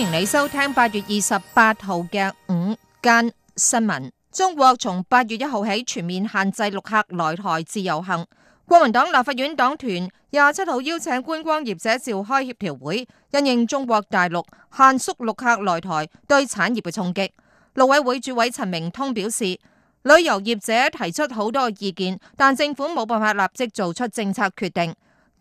歡迎你收聽八月二十八號嘅午間新聞。中國從八月一號起全面限制陸客來台自由行。國民黨立法院黨團廿七號邀請觀光業者召開協調會，因應中國大陸限縮陸客來台對產業嘅衝擊。陸委會主委陳明通表示，旅遊業者提出好多意見，但政府冇辦法立即做出政策決定，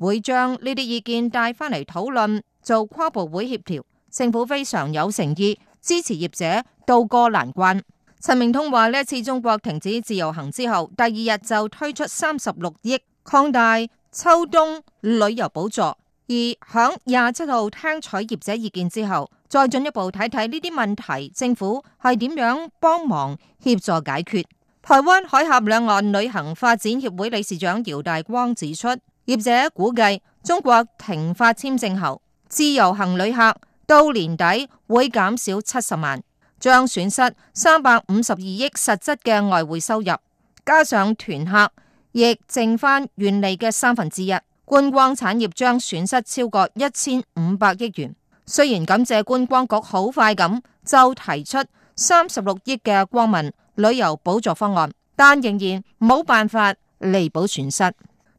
會將呢啲意見帶翻嚟討論，做跨部會協調。政府非常有誠意支持業者渡過難關。陳明通話：呢次中國停止自由行之後，第二日就推出三十六億擴大秋冬旅遊補助。而響廿七號聽取業者意見之後，再進一步睇睇呢啲問題，政府係點樣幫忙協助解決。台灣海峽兩岸旅行發展協會理事長姚大光指出，業者估計中國停發簽證後，自由行旅客，到年底會減少七十萬，將損失三百五十二億實質嘅外匯收入，加上團客亦剩翻原嚟嘅三分之一。觀光產業將損失超過一千五百億元。雖然感謝觀光局好快咁就提出三十六億嘅國民旅遊補助方案，但仍然冇辦法彌補損失。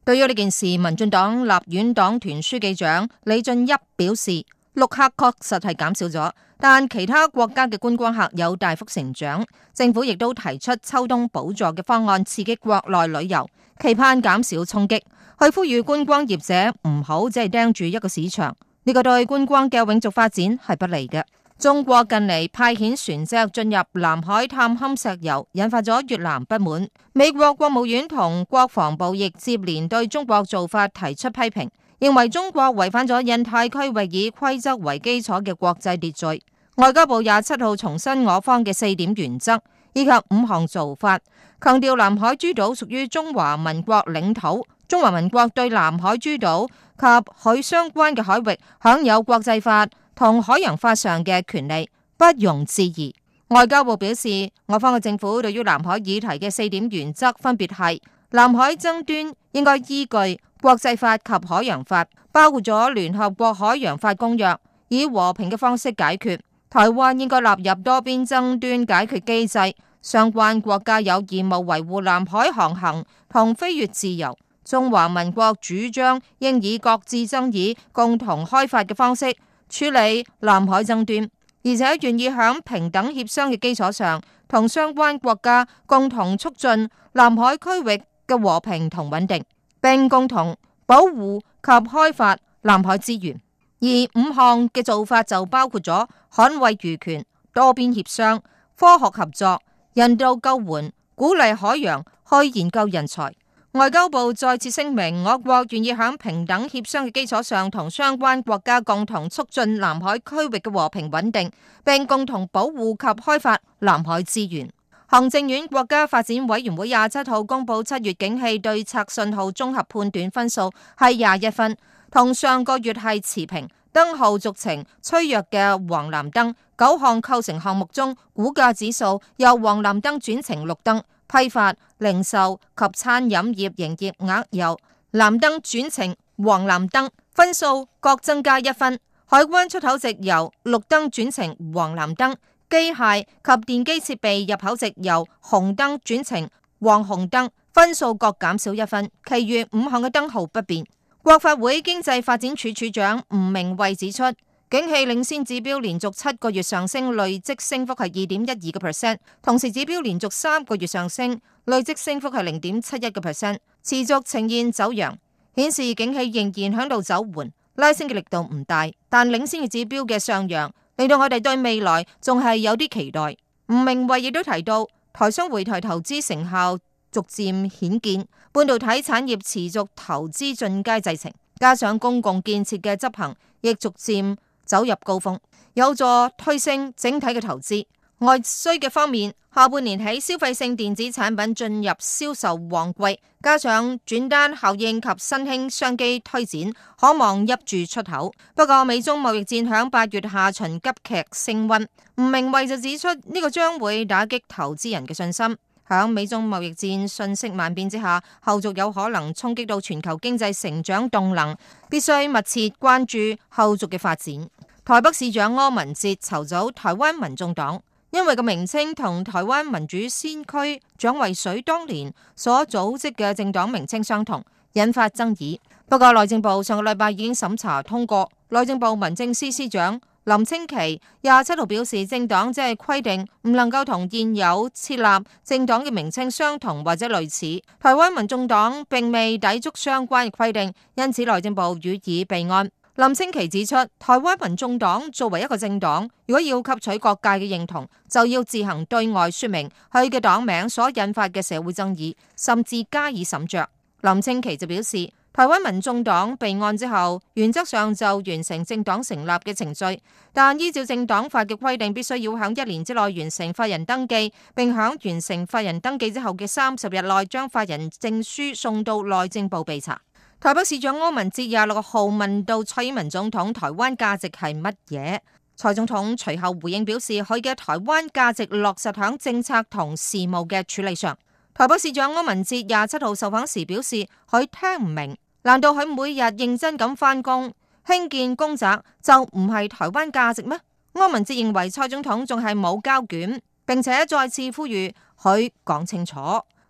對於呢件事，民進黨立院黨團書記長李俊一表示。陸客確實係減少咗，但其他國家嘅觀光客有大幅成長。政府亦都提出秋冬補助嘅方案，刺激國內旅遊，期盼減少衝擊。去呼籲觀光業者唔好只係盯住一個市場，呢個對觀光嘅永續發展係不利嘅。中國近嚟派遣船隻進入南海探勘石油，引發咗越南不滿。美國國務院同國防部亦接連對中國做法提出批評。認為中國違反咗印太區域以規則為基礎嘅國際秩序。外交部廿七號重申我方嘅四點原則以及五項做法，強調南海諸島屬於中華民國領土，中華民國對南海諸島及其相關嘅海域享有國際法同海洋法上嘅權利，不容置疑。外交部表示，我方嘅政府對於南海議題嘅四點原則分別係。南海爭端應該依據國際法及海洋法，包括咗聯合國海洋法公約，以和平嘅方式解決。台灣應該納入多邊爭端解決機制，相關國家有義務維護南海航行同飛越自由。中華民國主張應以各自爭議共同開發嘅方式處理南海爭端，而且願意喺平等協商嘅基礎上，同相關國家共同促進南海區域嘅和平同穩定，並共同保護及開發南海資源。而五項嘅做法就包括咗捍衛漁權、多邊協商、科學合作、人道救援、鼓勵海洋開研究人才。外交部再次聲明，我國願意響平等協商嘅基礎上，同相關國家共同促進南海區域嘅和平穩定，並共同保護及開發南海資源。行政院國家發展委員會廿七號公布七月景氣對策信號綜合判斷分數係廿一分，同上個月係持平。燈號續呈趨弱嘅黃藍燈，九項構成項目中，股價指數由黃藍燈轉成綠燈；批發、零售及餐飲業營業額由藍燈轉成黃藍燈，分數各增加一分；海關出口值由綠燈轉成黃藍燈。機械及電機設備入口值由紅燈轉成黃紅燈，分數各減少一分。其餘五項嘅燈號不變。國發會經濟發展處處長吳明慧指出，景氣領先指標連續七個月上升，累積升幅係二點一二個 percent。同時，指標連續三個月上升，累積升幅係零點七一個 percent，持續呈現走揚，顯示景氣仍然響度走緩，拉升嘅力度唔大，但領先嘅指標嘅上揚。令到我哋對未來仲係有啲期待。吳明慧亦都提到，台商回台投資成效逐漸顯見，半導體產業持續投資進階製程，加上公共建設嘅執行，亦逐漸走入高峰，有助推升整體嘅投資。外需嘅方面，下半年起消費性電子產品進入銷售旺季，加上轉單效應及新興商機推展，可望挹注出口。不過，美中貿易戰響八月下旬急劇升溫，吳明蕙就指出呢個將會打擊投資人嘅信心。響美中貿易戰瞬息萬變之下，後續有可能衝擊到全球經濟成長動能，必須密切關注後續嘅發展。台北市長柯文哲籌組台灣民眾黨。因為個名稱同台灣民主先驅蔣渭水當年所組織嘅政黨名稱相同，引發爭議。不過內政部上個禮拜已經審查通過。內政部民政司司長林清奇廿七號表示，政黨即係規定唔能夠同現有設立政黨嘅名稱相同或者類似。台灣民眾黨並未抵觸相關嘅規定，因此內政部予以備案。林清奇指出，台灣民眾黨作為一個政黨，如果要吸取各界嘅認同，就要自行對外說明佢嘅黨名所引發嘅社會爭議，甚至加以審酌。林清奇就表示，台灣民眾黨備案之後，原則上就完成政黨成立嘅程序，但依照政黨法嘅規定，必須要喺一年之內完成法人登記，並喺完成法人登記之後嘅三十日內，將法人證書送到內政部備查。台北市長柯文哲廿六號問到蔡英文總統台灣價值係乜嘢？蔡總統隨後回應表示佢嘅台灣價值落實響政策同事務嘅處理上。台北市長柯文哲廿七號受訪時表示佢聽唔明，難道佢每日認真咁翻工興建公宅就唔係台灣價值咩？柯文哲認為蔡總統仲係冇交卷，並且再次呼籲佢講清楚。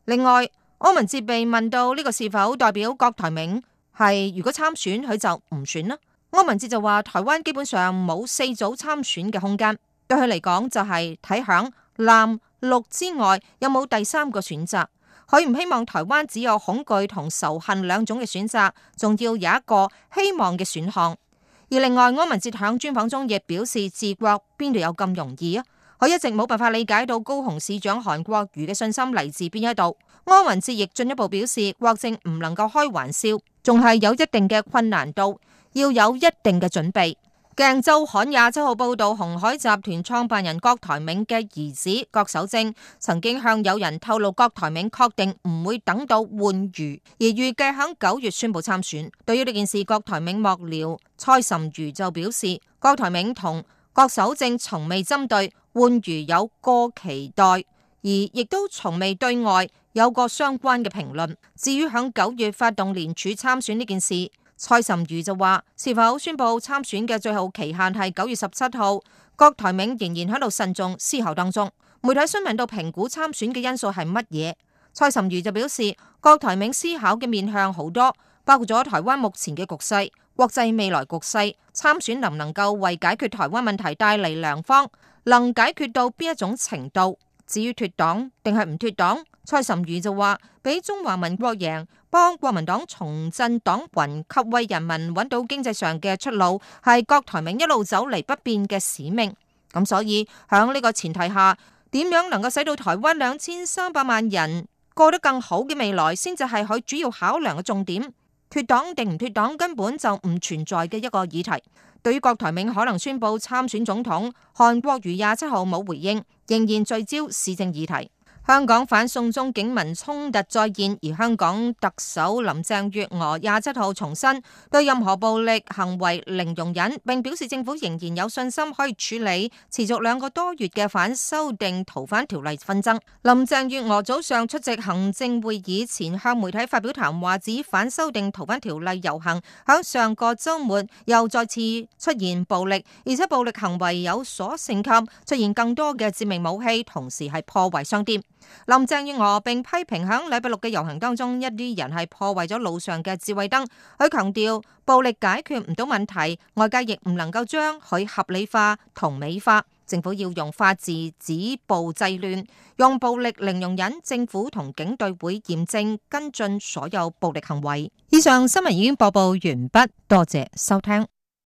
另外，柯文哲被問到呢個是否代表郭台銘係如果參選佢就唔選啦？柯文哲就話台灣基本上冇四組參選嘅空間，對佢嚟講就係睇響藍綠之外有冇第三個選擇。佢唔希望台灣只有恐懼同仇恨兩種嘅選擇，仲要有一個希望嘅選項。而另外，柯文哲響專訪中亦表示治國邊度有咁容易啊？我一直冇辦法理解到高雄市長韓國瑜嘅信心嚟自邊一度？柯文哲亦進一步表示，國政唔能夠開玩笑，仲係有一定嘅困難度，要有一定嘅準備。《鏡週刊》廿七號報道，鴻海集團創辦人郭台銘嘅兒子郭守正曾經向有人透露，郭台銘確定唔會等到換瑜，而預計喺九月宣布參選。對於呢件事，郭台銘幕僚，蔡沁瑜就表示，郭台銘同郭守正從未針對。宛如有過期待，而亦都從未對外有過相關嘅評論。至於喺九月發動聯署參選呢件事，蔡甚如就話：是否宣布參選嘅最後期限係九月十七號，郭台銘仍然喺度慎重思考當中。媒體詢問到評估參選嘅因素係乜嘢，蔡甚如就表示，郭台銘思考嘅面向好多，包括咗台灣目前嘅局勢、國際未來局勢、參選能唔能夠為解決台灣問題帶嚟良方。能解決到邊一種程度？至於脱黨定係唔脱黨，蔡沁瑜就話：俾中華民國贏，幫國民黨重振黨魂及為人民揾到經濟上嘅出路，係郭台銘一路走嚟不變嘅使命。咁所以喺呢個前提下，點樣能夠使到台灣兩千三百萬人過得更好嘅未來，先至係佢主要考量嘅重點。脱黨定唔脱黨根本就唔存在嘅一個議題。對於郭台銘可能宣布參選總統，韓國瑜廿七號冇回應，仍然聚焦市政議題。香港反送中警民衝突再現，而香港特首林鄭月娥廿七號重申對任何暴力行為零容忍，並表示政府仍然有信心可以處理持續兩個多月嘅反修訂逃犯條例紛爭。林鄭月娥早上出席行政會議前向媒體發表談話，指反修訂逃犯條例遊行響上個周末又再次出現暴力，而且暴力行為有所升級，出現更多嘅致命武器，同時係破壞商店。林鄭月娥並批評喺禮拜六嘅遊行當中，一啲人係破壞咗路上嘅智慧燈。佢強調，暴力解決唔到問題，外界亦唔能夠將佢合理化同美化。政府要用法治止暴制亂，用暴力零容忍。政府同警隊會嚴正跟進所有暴力行為。以上新聞已經播報完畢，多謝收聽。